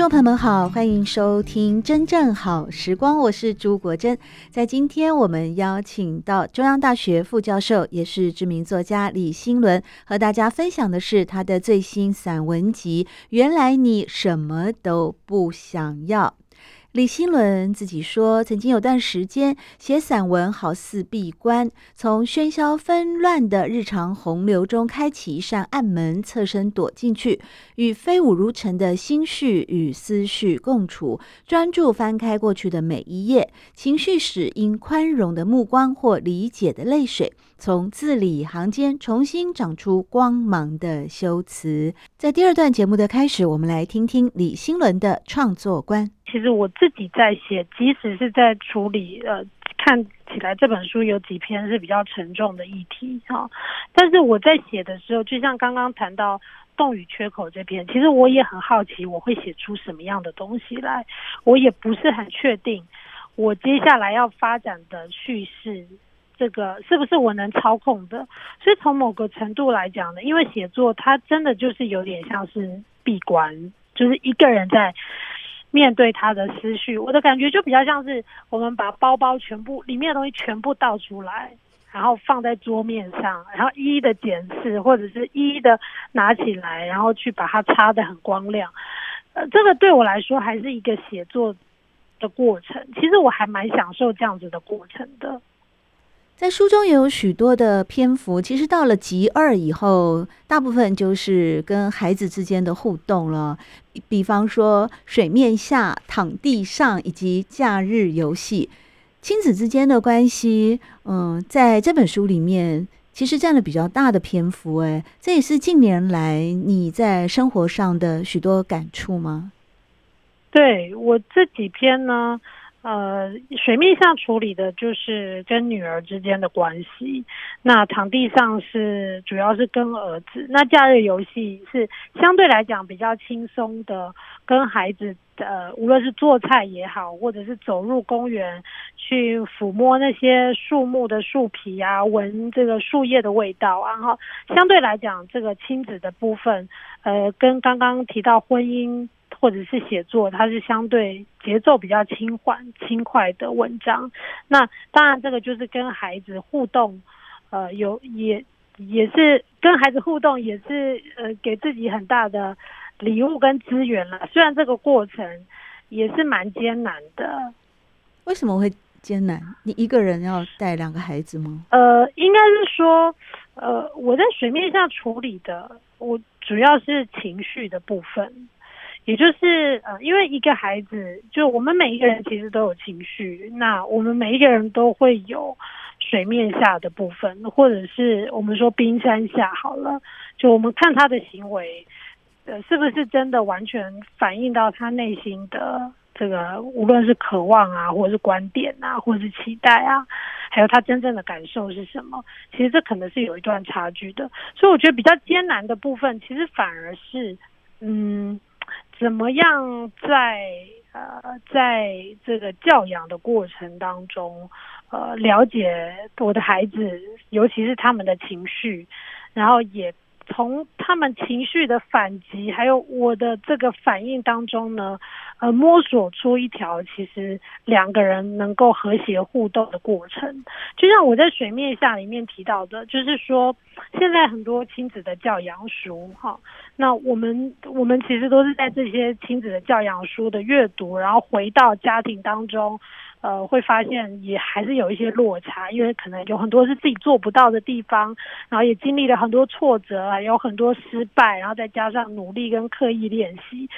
聽眾朋友們好，歡迎收聽《真正好時光》，我是朱國珍。在今天，我們邀請到中央大學副教授，也是知名作家李欣倫，和大家分享的是他的最新散文集《原來你什麼都不想要》。李欣倫自己說：“曾經有段時間寫散文，好似閉關，從喧囂紛亂的日常洪流中開啟一扇暗門，側身躲進去，與飛舞如塵的心緒與思緒共處，專注翻開過去的每一頁，情緒史，因寬容的目光或理解的淚水，從字裡行間重新長出光芒的修辭。”在第二段節目的開始，我們來聽聽李欣倫的創作觀。其實我自己在寫，即使是在處理，呃，看起來這本書有幾篇是比較沉重的議題哈、啊。但是我在寫的時候，就像剛剛談到洞與缺口這篇，其實我也很好奇我會寫出什麼樣的東西來，我也不是很確定我接下來要發展的敘事，這個是不是我能操控的？所以從某個程度來講呢，因為寫作它真的就是有點像是閉關，就是一個人在。面對他的思緒，我的感覺就比較像是我們把包包全部裡面的東西全部倒出來，然後放在桌面上，然後一一的檢視，或者是一一的拿起來，然後去把它擦得很光亮。呃，這個對我來說還是一個寫作的過程，其實我還蠻享受這樣子的過程的。在書中也有許多的篇幅，其實到了集二以後，大部分就是跟孩子之間的互動了，比比方說水面下、躺地上以及假日遊戲，親子之間的關係，嗯，在這本書裡面其實占了比較大的篇幅。欸，哎，這也是近年來你在生活上的許多感觸嗎？對，我這幾篇呢？呃，水面上處理的就是跟女兒之間的關係，那場地上是主要是跟兒子。那假日遊戲是相對來講比較輕鬆的，跟孩子，呃，無論是做菜也好，或者是走入公園去撫摸那些樹木的樹皮啊，聞這個樹葉的味道，然後相對來講這個親子的部分，呃，跟剛剛提到婚姻。或者是寫作，它是相對節奏比較輕緩、輕快的文章。那當然，這個就是跟孩子互動，呃，有也也是跟孩子互動，也是呃給自己很大的禮物跟資源了。雖然這個過程也是蠻艱難的，為什麼會艱難？你一個人要帶兩個孩子嗎？呃，應該是說，呃，我在水面上處理的，我主要是情緒的部分。也就是呃，因為一個孩子，就我們每一個人其實都有情緒，那我們每一個人都會有水面下的部分，或者是我們說冰山下好了。就我們看他的行為，呃，是不是真的完全反映到他內心的這個，無論是渴望啊，或者是觀點啊，或者是期待啊，還有他真正的感受是什麼？其實這可能是有一段差距的。所以我覺得比較艱難的部分，其實反而是嗯。怎麼樣在呃，在這個教養的過程當中，呃，了解我的孩子，尤其是他們的情緒，然後也，從他們情緒的反擊，還有我的這個反應當中呢，呃，摸索出一條其實兩個人能夠和諧互動的過程。就像我在《水面下》裡面提到的，就是說現在很多親子的教養書，哈，那我們我們其實都是在這些親子的教養書的閱讀，然後回到家庭當中。呃，會發現也還是有一些落差，因為可能有很多是自己做不到的地方，然後也經歷了很多挫折啊，有很多失敗，然後再加上努力跟刻意練習，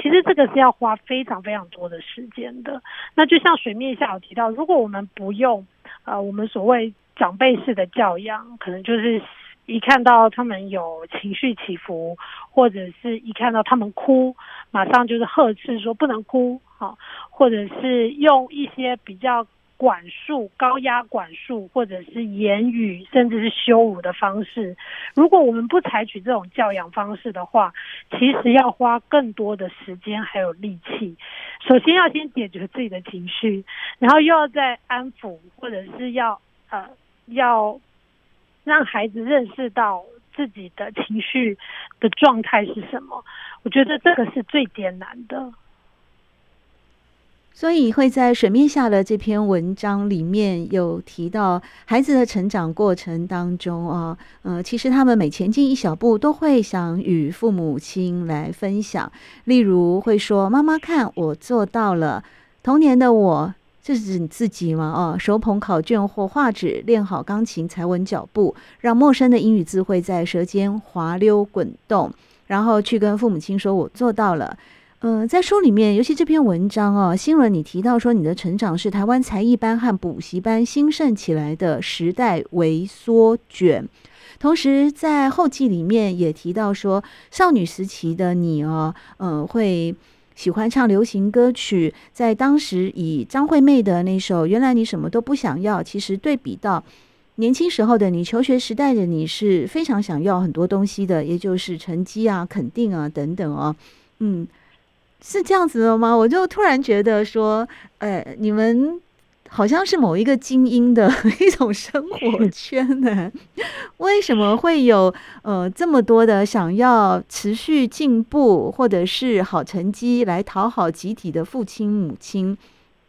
其實這個是要花非常非常多的時間的。那就像水面下有提到，如果我們不用，呃，我們所謂長輩式的教養，可能就是一看到他們有情緒起伏。或者是一看到他們哭，馬上就是呵斥說不能哭，好，或者是用一些比較管束，高壓管束，或者是言語，甚至是羞辱的方式。如果我們不採取這種教養方式的話，其實要花更多的時間還有力氣。首先要先解決自己的情緒，然後又要再安撫，或者是要呃，要讓孩子認識到。自己的情緒的狀態是什麼？我覺得這個是最艱難的。所以會在水面下的這篇文章裡面有提到，孩子的成長過程當中啊，呃，其實他們每前進一小步，都會想與父母親來分享。例如會說：“媽媽看，看我做到了。”童年的我。這是你自己嗎？哦，手捧考卷或畫紙，練好鋼琴才穩腳步，讓陌生的英語字彙在舌尖滑溜滾動，然後去跟父母親說：“我做到了。”嗯，在書裡面，尤其這篇文章哦、啊，欣倫，你提到說，你的成長是台灣才藝班和補習班興盛起來的時代微縮卷，同時在後記裡面也提到說，少女時期的你哦、啊，嗯會。喜歡唱流行歌曲，在當時以張惠妹的那首《原來你什麼都不想要》，其實對比到年輕時候的你、求學時代的你，是非常想要很多東西的，也就是成績啊、肯定啊等等哦。嗯，是這樣子的嗎？我就突然覺得說，呃、哎，你們。好像是某一個精英的一種生活圈呢？為什麼會有呃這麼多的想要持續進步或者是好成績來討好集體的父親母親？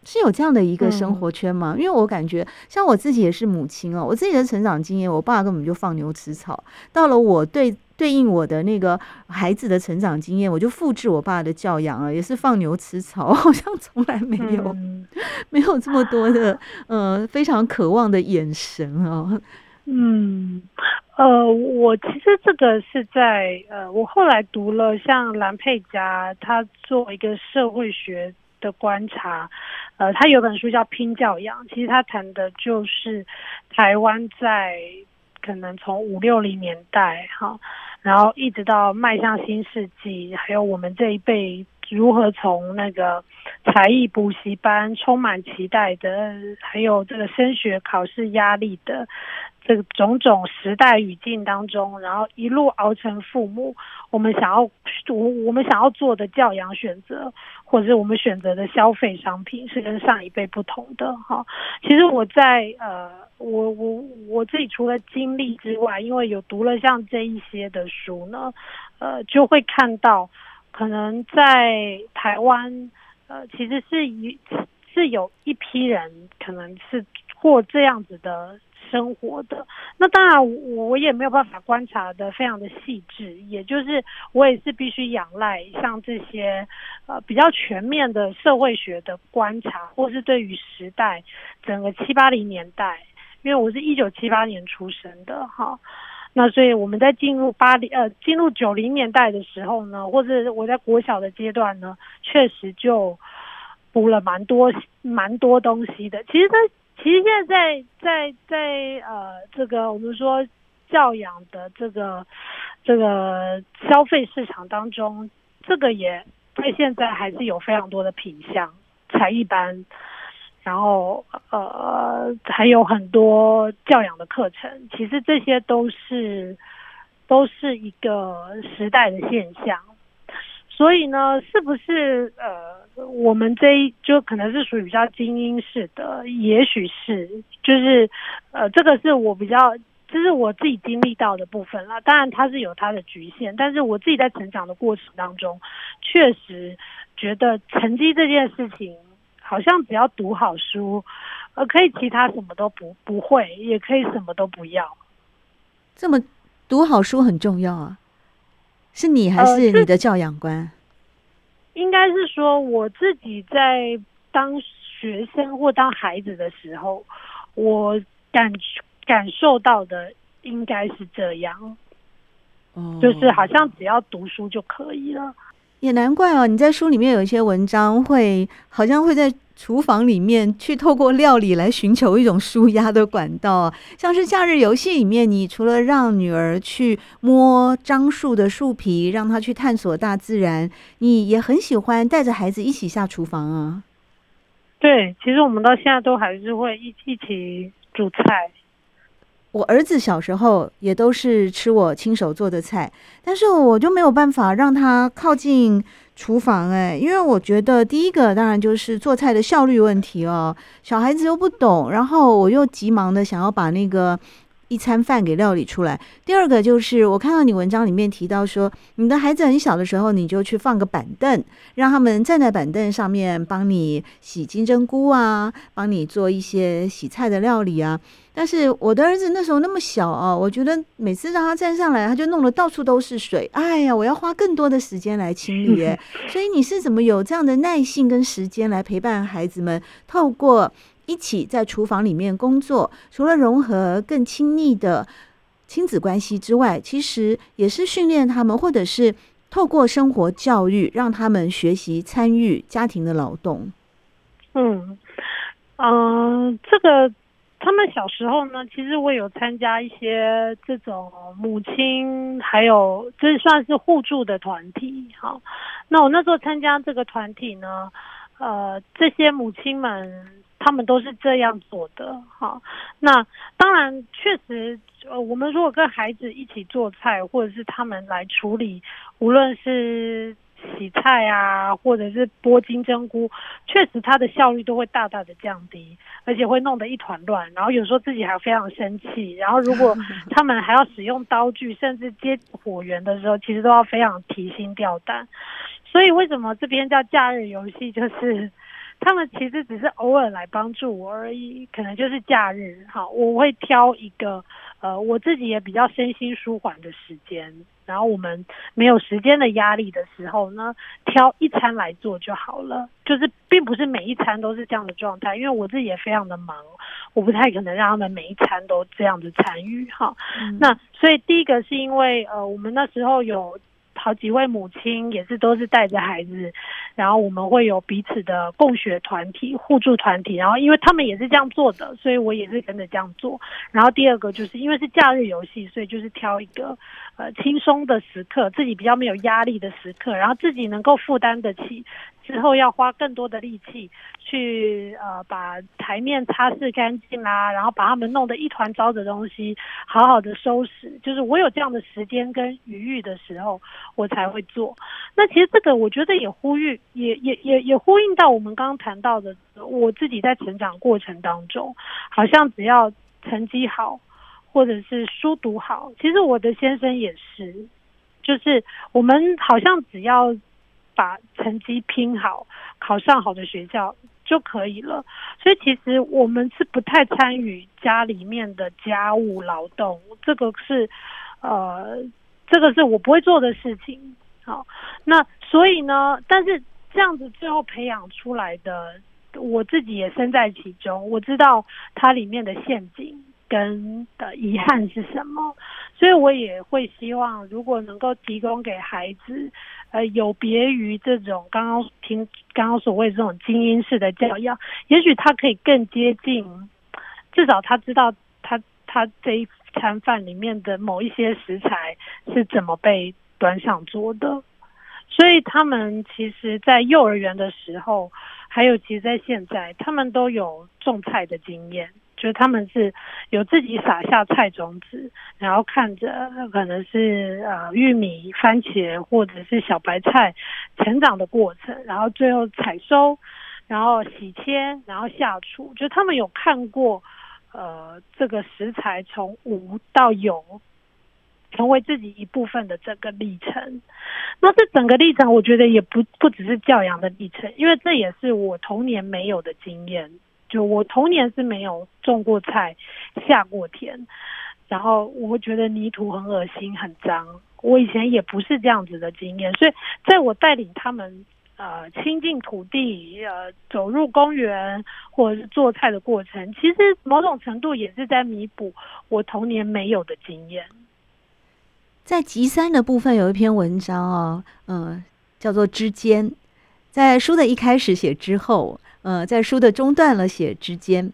是有這樣的一個生活圈嗎？嗯、因為我感覺，像我自己也是母親哦，我自己的成長經驗，我爸根本就放牛吃草，到了我。對對應我的那個孩子的成長經驗，我就複製我爸的教養啊，也是放牛吃草，好像從來沒有、嗯、沒有這麼多的嗯、呃、非常渴望的眼神啊、哦。嗯，呃，我其實這個是在呃我後來讀了像藍佩嘉，他做一個社會學的觀察，呃，他有本書叫《拚教養》，其實他談的就是台灣在可能從五六零年代哈。然後一直到邁向新世紀，還有我們這一輩。如何從那個才藝補習班充滿期待的，還有這個升學考試壓力的這個種種時代語境當中，然後一路熬成父母，我們想要我我們想要做的教養選擇，或者是我們選擇的消費商品，是跟上一輩不同的哈。其實我在呃，我我我自己除了經歷之外，因為有讀了像這一些的書呢，呃，就會看到。可能在台灣，呃，其實是一是有一批人可能是過這樣子的生活的。那當然我，我也沒有辦法觀察得非常的細緻，也就是我也是必須仰賴像這些呃比較全面的社會學的觀察，或是對於時代整個七八零年代，因為我是一九七八年出生的，哈。那所以我們在進入八零呃進入九零年代的時候呢，或者我在國小的階段呢，確實就補了蠻多蠻多東西的。其實它，其實現在在在在呃這個我們說教養的這個這個消費市場當中，這個也在現在還是有非常多的品項、才藝班。然後，呃，還有很多教養的課程，其實這些都是都是一個時代的現象。所以呢，是不是呃，我們這一就可能是屬於比較精英式的，也許是，就是呃，這個是我比較，這是我自己經歷到的部分了。當然，它是有它的局限，但是我自己在成長的過程當中，確實覺得成績這件事情。好像只要讀好書，呃，可以其他什麼都不不會，也可以什麼都不要。這麼讀好書很重要啊！是你還是你的教養觀？呃，應該是說我自己在當學生或當孩子的時候，我感感受到的應該是這樣。嗯，就是好像只要讀書就可以了。也難怪哦，你在書裡面有一些文章會，好像會在。廚房裡面去，透過料理來尋求一種舒壓的管道啊，像是假日遊戲裡面，你除了讓女兒去摸樟樹的樹皮，讓她去探索大自然，你也很喜歡帶着孩子一起下廚房啊。對，其實我們到現在都還是會一起一起煮菜。我兒子小時候也都是吃我親手做的菜，但是我就沒有辦法讓他靠近。廚房哎、欸，因為我覺得第一個當然就是做菜的效率問題哦，小孩子又不懂，然後我又急忙的想要把那個一餐飯給料理出來。第二個就是，我看到你文章裡面提到說，你的孩子很小的時候，你就去放個板凳，讓他們站在板凳上面，幫你洗金針菇啊，幫你做一些洗菜的料理啊。但是我的兒子那時候那麼小啊、哦，我覺得每次讓他站上來，他就弄得到處都是水。哎呀，我要花更多的時間來清理。 所以你是怎麼有這樣的耐性跟時間來陪伴孩子們，透過？一起在廚房裡面工作，除了融合更親密的親子關係之外，其實也是訓練他們，或者是透過生活教育，讓他們學習參與家庭的勞動。嗯，嗯、呃，這個他們小時候呢，其實我有參加一些這種母親，還有這、就是、算是互助的團體。好，那我那時候參加這個團體呢，呃，這些母親們。他們都是這樣做的，好。那當然，確實，呃，我們如果跟孩子一起做菜，或者是他們來處理，無論是洗菜啊，或者是剝金針菇，確實它的效率都會大大的降低，而且會弄得一團亂。然後有時候自己還非常生氣。然後如果他們還要使用刀具， 甚至接火源的時候，其實都要非常提心吊膽。所以為什麼這邊叫假日遊戲？就是。他們其實只是偶爾來幫助我而已，可能就是假日哈。我會挑一個，呃，我自己也比較身心舒緩的時間，然後我們沒有時間的壓力的時候呢，挑一餐來做就好了。就是並不是每一餐都是這樣的狀態，因為我自己也非常的忙，我不太可能讓他們每一餐都這樣子參與哈。嗯。那所以第一個是因為，呃，我們那時候有。好幾位母親也是都是帶着孩子，然後我們會有彼此的共學團體、互助團體，然後因為他們也是這樣做的，所以我也是跟着這樣做。然後第二個就是因為是假日遊戲，所以就是挑一個。呃，輕鬆的時刻，自己比較沒有壓力的時刻，然後自己能夠負擔得起之後，要花更多的力氣去呃，把檯面擦拭乾淨啦、啊，然後把他們弄得一團糟的東西，好好的收拾。就是我有這樣的時間跟餘裕的時候，我才會做。那其實這個我覺得也呼籲，也也也也呼應到我們剛剛談到的，我自己在成長過程當中，好像只要成績好。或者是書讀好，其實我的先生也是，就是我們好像只要把成績拼好，考上好的學校就可以了。所以其實我們是不太參與家裡面的家務勞動，這個是呃，這個是我不會做的事情。好，那所以呢，但是這樣子最後培養出來的，我自己也身在其中，我知道它裡面的陷阱。人的遺憾是什麼？所以我也會希望，如果能夠提供給孩子，呃，有別於這種剛剛聽剛剛所謂這種精英式的教養，也許他可以更接近，至少他知道他他這一餐飯裡面的某一些食材是怎麼被端上桌的。所以他們其實，在幼兒園的時候，還有其實在現在，他們都有種菜的經驗。就他們是有自己撒下菜種子，然後看着可能是呃玉米、番茄或者是小白菜成長的過程，然後最後採收，然後洗切，然後下廚。就他們有看過呃這個食材從無到有，成為自己一部分的這個歷程。那這整個歷程，我覺得也不不只是教養的歷程，因為這也是我童年沒有的經驗。就我童年是沒有種過菜、下過田，然後我覺得泥土很惡心、很髒。我以前也不是這樣子的經驗，所以在我帶領他們呃親近土地、呃走入公園或者是做菜的過程，其實某種程度也是在彌補我童年沒有的經驗。在輯三的部分有一篇文章哦，嗯，叫做《之間》，在書的一開始寫之後。呃、嗯，在書的中段了寫之間，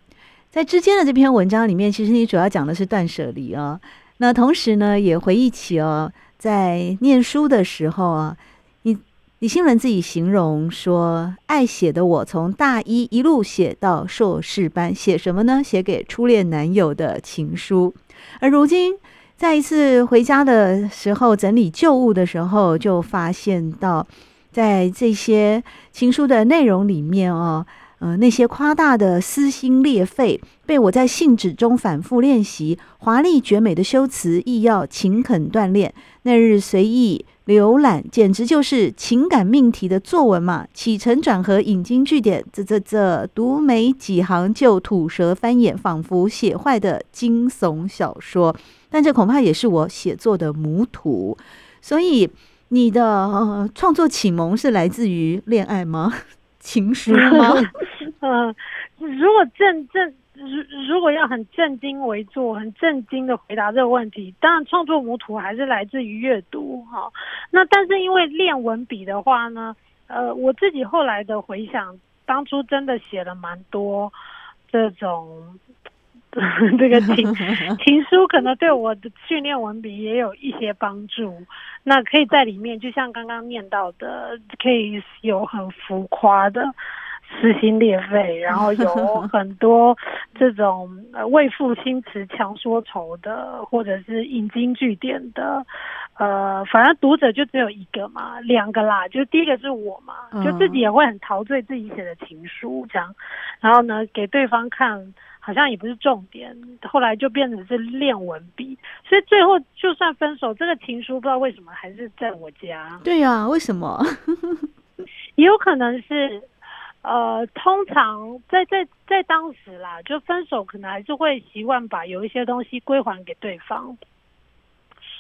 在之間的這篇文章裡面，其實你主要講的是斷捨離啊、哦。那同時呢，也回憶起哦，在念書的時候啊，你你欣倫自己形容說，愛寫的我從大一一路寫到碩士班，寫什麼呢？寫給初戀男友的情書。而如今，再一次回家的時候整理舊物的時候，就發現到在這些情書的內容裡面哦、啊。呃，那些誇大的撕心裂肺，被我在信紙中反覆練習；華麗絕美的修辭，亦要勤懇鍛鍊。那日隨意瀏覽，簡直就是情感命題的作文嘛，起承轉合，引經據典。這這這，讀沒幾行就吐舌翻眼，仿佛寫壞的驚悚小說。但這恐怕也是我寫作的母土。所以，你的、呃、創作啟蒙是來自於戀愛嗎？情詩嗎？ 嗯，如果正正，如如果要很正經為坐，很正經地回答這個問題。當然創作母土還是來自於閱讀哈。那但是因為練文筆的話呢，呃，我自己後來的回想，當初真的寫了蠻多這種。 這個情情書可能對我的訓練文筆也有一些幫助。那可以在裡面，就像剛剛念到的，可以有很浮誇的撕心裂肺，然後有很多這種、呃、為賦新詞強說愁的，或者是引經據典的。呃，反正讀者就只有一個嘛，兩個啦，就第一個是我嘛，就自己也會很陶醉自己寫的情書這樣，然後呢，給對方看。好像也不是重點，後來就變成是練文筆，所以最後就算分手，這個情書不知道為什麼還是在我家。對呀、啊，為什麼？也 有可能是，呃，通常在在在當時啦，就分手可能還是會習慣把有一些東西歸還給對方，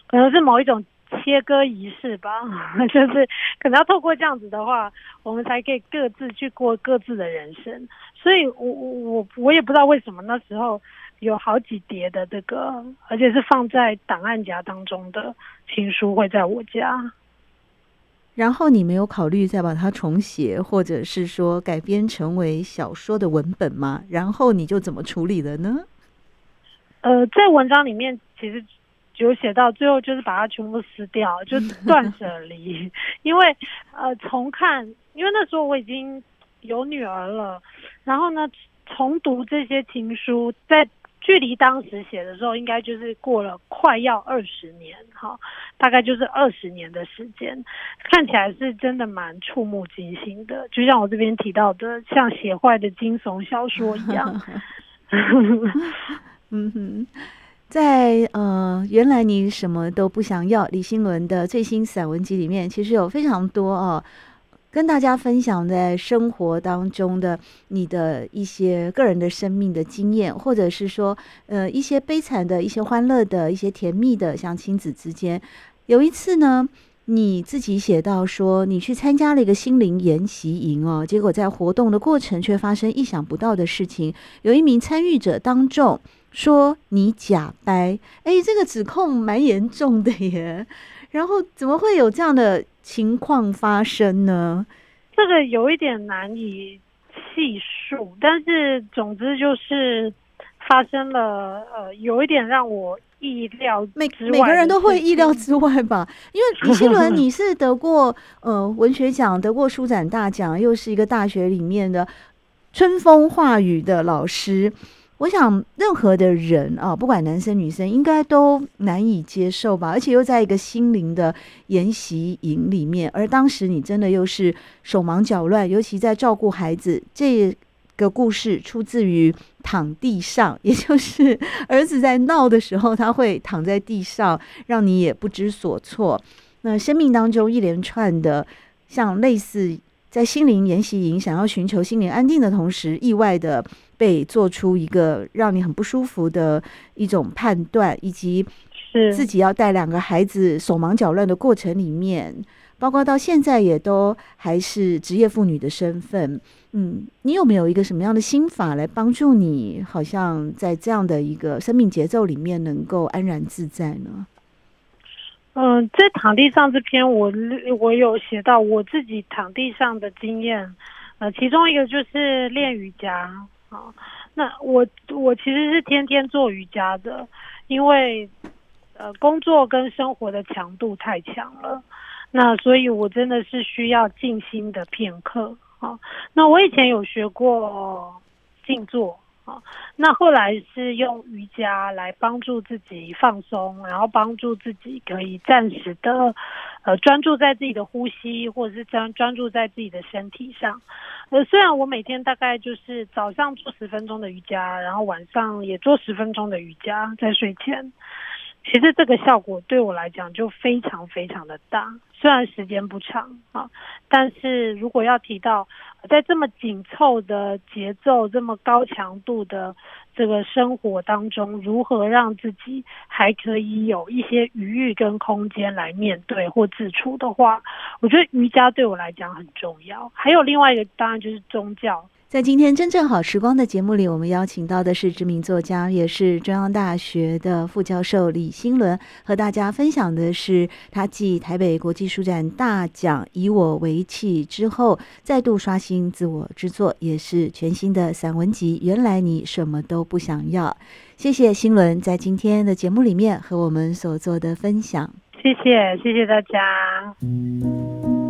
可能是某一種。切割儀式吧， 就是可能要透過這樣子的話，我們才可以各自去過各自的人生。所以我我我也不知道為什麼那時候有好幾疊的這個，而且是放在檔案夾當中的情書會在我家。然後你沒有考慮再把它重寫，或者是說改編成為小說的文本嗎？然後你就怎麼處理了呢？呃，在文章裡面其實。就寫到最後，就是把它全部撕掉，就是斷捨離。 因為，呃，重看，因為那時候我已經有女兒了。然後呢，重讀這些情書，在距離當時寫的時候，應該就是過了快要二十年，哈，大概就是二十年的時間，看起來是真的蠻觸目驚心的。就像我這邊提到的，像寫壞的驚悚小說一樣。 嗯哼。在呃，原來你什麼都不想要。李欣倫的最新散文集裡面，其實有非常多哦、啊，跟大家分享在生活當中的你的一些個人的生命的經驗，或者是說，呃，一些悲慘的、一些歡樂的、一些甜蜜的，像親子之間，有一次呢。你自己寫到說，你去參加了一個心靈研習營哦，結果在活動的過程卻發生意想不到的事情，有一名參與者當眾說你假掰，哎，這個指控蠻嚴重的耶。然後怎麼會有這樣的情況發生呢？這個有一點難以細數，但是總之就是發生了，呃，有一點讓我。意料每每個人都會意料之外吧，對因為李欣倫，你是得過呃文學獎，得過書展大獎，又是一個大學裡面的春風化雨的老師。我想，任何的人啊，不管男生女生，應該都難以接受吧。而且又在一個心靈的研習營裡面，而當時你真的又是手忙腳亂，尤其在照顧孩子，這。一個故事出自於躺地上，也就是兒子在鬧的時候，他會躺在地上，讓你也不知所措。那生命當中一連串的，像類似在心靈研習營想要尋求心靈安定的同時，意外的被做出一個讓你很不舒服的一種判斷，以及自己要帶兩個孩子手忙腳亂的過程裡面，包括到現在也都還是職業婦女的身份，嗯，你有沒有一個什麼樣的心法來幫助你？好像在這樣的一個生命節奏裡面，能夠安然自在呢？嗯、呃，在躺地上這篇，我我有寫到我自己躺地上的經驗，呃，其中一個就是練瑜伽啊、呃。那我我其實是天天做瑜伽的，因為呃，工作跟生活的強度太強了。那所以，我真的是需要靜心的片刻。好，那我以前有學過靜坐。好，那後來是用瑜伽來幫助自己放鬆，然後幫助自己可以暫時的呃專注在自己的呼吸，或者是專專注在自己的身體上。呃，雖然我每天大概就是早上做十分鐘的瑜伽，然後晚上也做十分鐘的瑜伽在睡前，其實這個效果對我來講就非常非常的大。雖然時間不長啊，但是如果要提到在這麼緊湊的節奏、這麼高強度的這個生活當中，如何讓自己還可以有一些餘裕跟空間來面對或自處的話，我覺得瑜伽對我來講很重要。還有另外一個，當然就是宗教。在今天《真正好時光》的節目裡，我們邀請到的是知名作家，也是中央大學的副教授李欣倫，和大家分享的是他繼台北國際書展大獎《以我為器》之後，再度刷新自我之作，也是全新的散文集《原來你什麼都不想要》。謝謝欣倫在今天的節目裡面和我們所做的分享。謝謝，謝謝大家。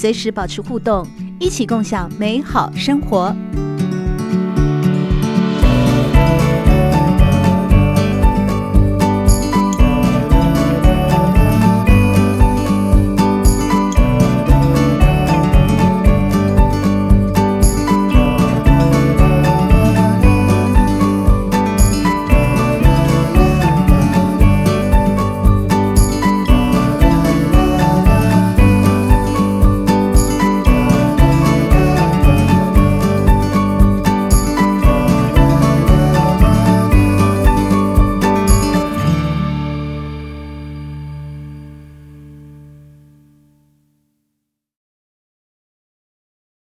隨時保持互動，一起共享美好生活。